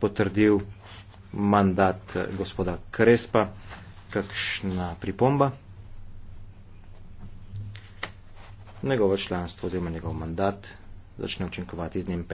potrdil mandat eh, gospoda Krespa. Kakšna pripomba? Njegovo članstvo oziroma njegov mandat začne učinkovati z njim.